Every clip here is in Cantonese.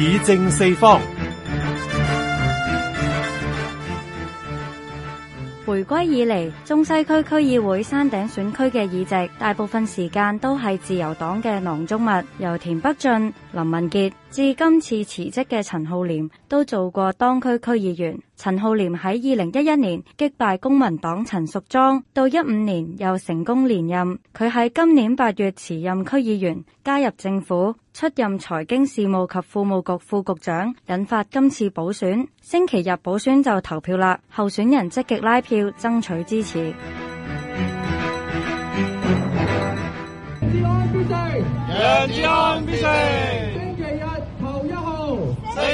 議政四方。回歸以嚟，中西區區議會山頂選區嘅議席，大部分時間都係自由黨嘅囊中物，由田北俊、林文杰。至今次辭職嘅陳浩濂都做過當區區議員。陳浩濂喺二零一一年擊敗公民黨陳淑莊，到一五年又成功連任。佢喺今年八月辭任區議員，加入政府出任財經事務及庫務局副局長，引發今次補選。星期日補選就投票啦，候選人積極拉票爭取支持。Yeah, John,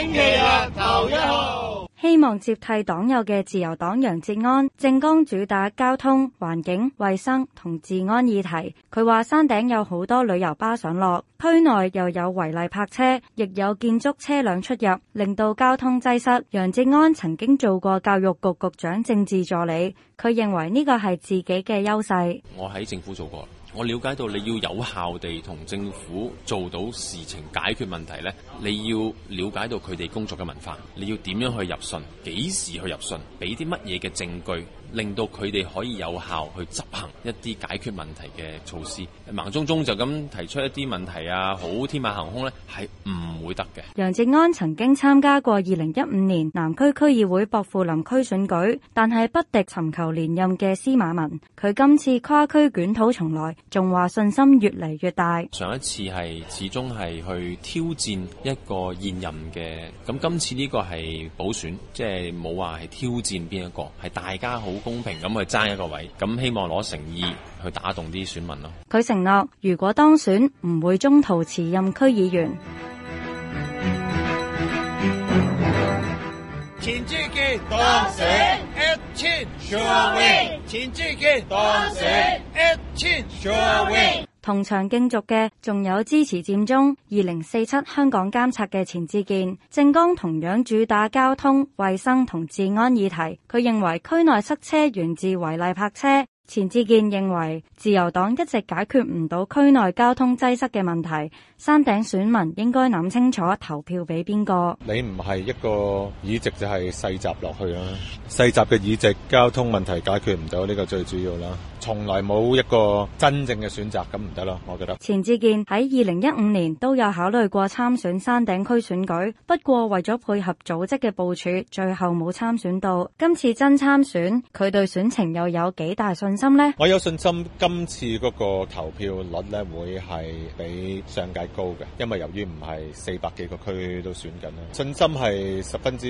星期日頭一號，希望接替黨友嘅自由黨楊哲安政綱主打交通、環境、衛生同治安議題。佢話山頂有好多旅遊巴上落，區內又有違例泊車，亦有建築車輛出入，令到交通擠塞。楊哲安曾經做過教育局局長政治助理，佢認為呢個係自己嘅優勢。我喺政府做過。我了解到你要有效地同政府做到事情解決問題咧，你要了解到佢哋工作嘅文化，你要點樣去入信，幾時去入信，俾啲乜嘢嘅證據。令到佢哋可以有效去執行一啲解決問題嘅措施，盲中中就咁提出一啲問題啊，好天馬行空咧，係唔會得嘅。楊哲安曾經參加過二零一五年南區區議會薄扶林區選舉，但係不敵尋求連任嘅司馬文。佢今次跨區捲土重來，仲話信心越嚟越大。上一次係始終係去挑戰一個現任嘅，咁今次呢個係補選，即係冇話係挑戰邊一個，係大家好。公平咁去爭一個位，咁希望攞誠意去打動啲選民咯。佢承諾如果當選，唔會中途辭任區議員。同場競逐嘅，仲有支持佔中二零四七香港監察嘅錢志健，政綱同樣主打交通、衛生同治安議題。佢認為區內塞車源自違例泊車。錢志健認為自由黨一直解決唔到區內交通擠塞嘅問題，山頂選民應該諗清楚投票俾邊個。你唔係一個議席就係細集落去啦，啊，細集嘅議席，交通問題解決唔到呢個最主要啦。從來冇一個真正嘅選擇，咁唔得咯，我覺得。錢志健喺二零一五年都有考慮過參選山頂區選舉，不過為咗配合組織嘅部署，最後冇參選到。今次真參選，佢對選情又有幾大信心呢？我有信心今次嗰個投票率呢，會係比上屆高嘅，因為由於唔係四百幾個區都選緊啦。信心係十分之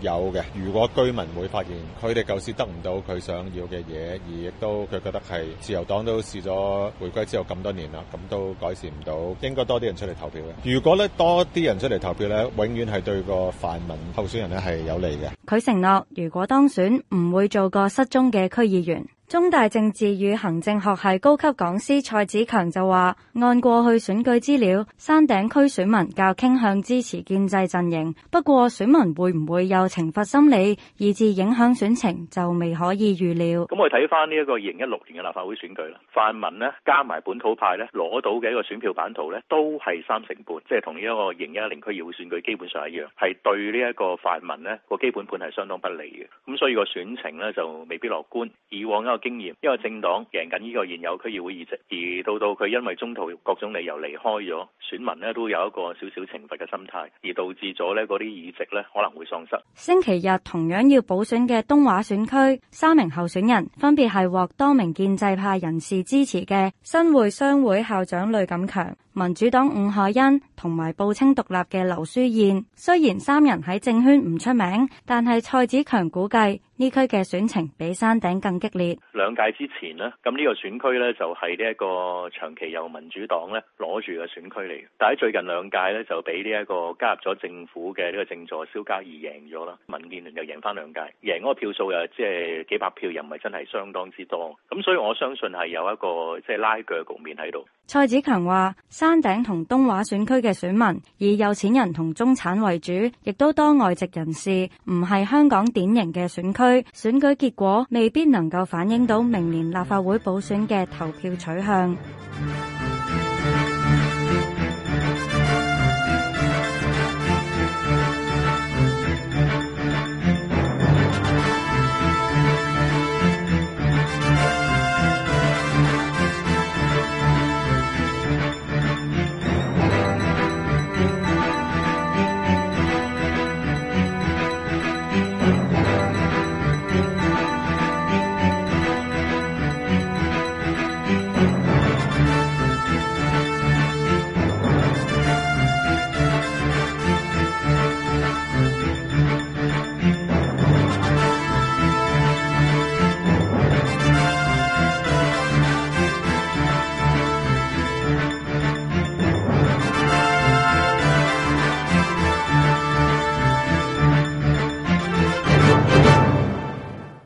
有嘅。如果居民會發現佢哋舊時得唔到佢想要嘅嘢，而亦都覺得係自由黨都試咗回歸之後咁多年啦，咁都改善唔到，應該多啲人出嚟投票嘅。如果咧多啲人出嚟投票咧，永遠係對個泛民候選人咧係有利嘅。佢承諾，如果當選，唔會做個失蹤嘅區議員。中大政治與行政學系高級講師蔡子強就話，按過去選舉資料，山頂區選民較傾向支持建制陣營，不過選民會唔會有懲罰心理，以至影響選情，就未可以預料。咁我哋睇翻呢一個二零一六年嘅立法會選舉啦，泛民咧加埋本土派咧，攞到嘅一個選票版圖咧，都係三成半，即係同呢一個二零一零區議會選舉基本上一樣，係對呢一個泛民咧個基本盤係相當不利嘅，咁所以個選情咧就未必樂觀。以往經驗，因為政黨贏緊呢個現有區議會議席，而到到佢因為中途各種理由離開咗，選民呢都有一個少少懲罰嘅心態，而導致咗呢嗰啲議席呢可能會喪失。星期日同樣要補選嘅東華選區，三名候選人分別係獲多名建制派人士支持嘅新會商會校長呂錦強、民主黨伍凱欣同埋報稱獨立嘅劉舒燕。雖然三人喺政圈唔出名，但係蔡子強估計。呢區嘅選情比山頂更激烈。兩屆之前呢，咁呢個選區呢，就係呢一個長期由民主黨呢攞住嘅選區嚟。但係最近兩屆呢，就俾呢一個加入咗政府嘅呢個政助蕭嘉怡贏咗啦。民建聯又贏翻兩屆，贏嗰個票數又即係幾百票，又唔係真係相當之多。咁所以我相信係有一個即係拉鋸嘅局面喺度。蔡子強話：山頂同東華選區嘅選民以有錢人同中產為主，亦都多外籍人士，唔係香港典型嘅選區，選舉結果未必能夠反映到明年立法會補選嘅投票取向。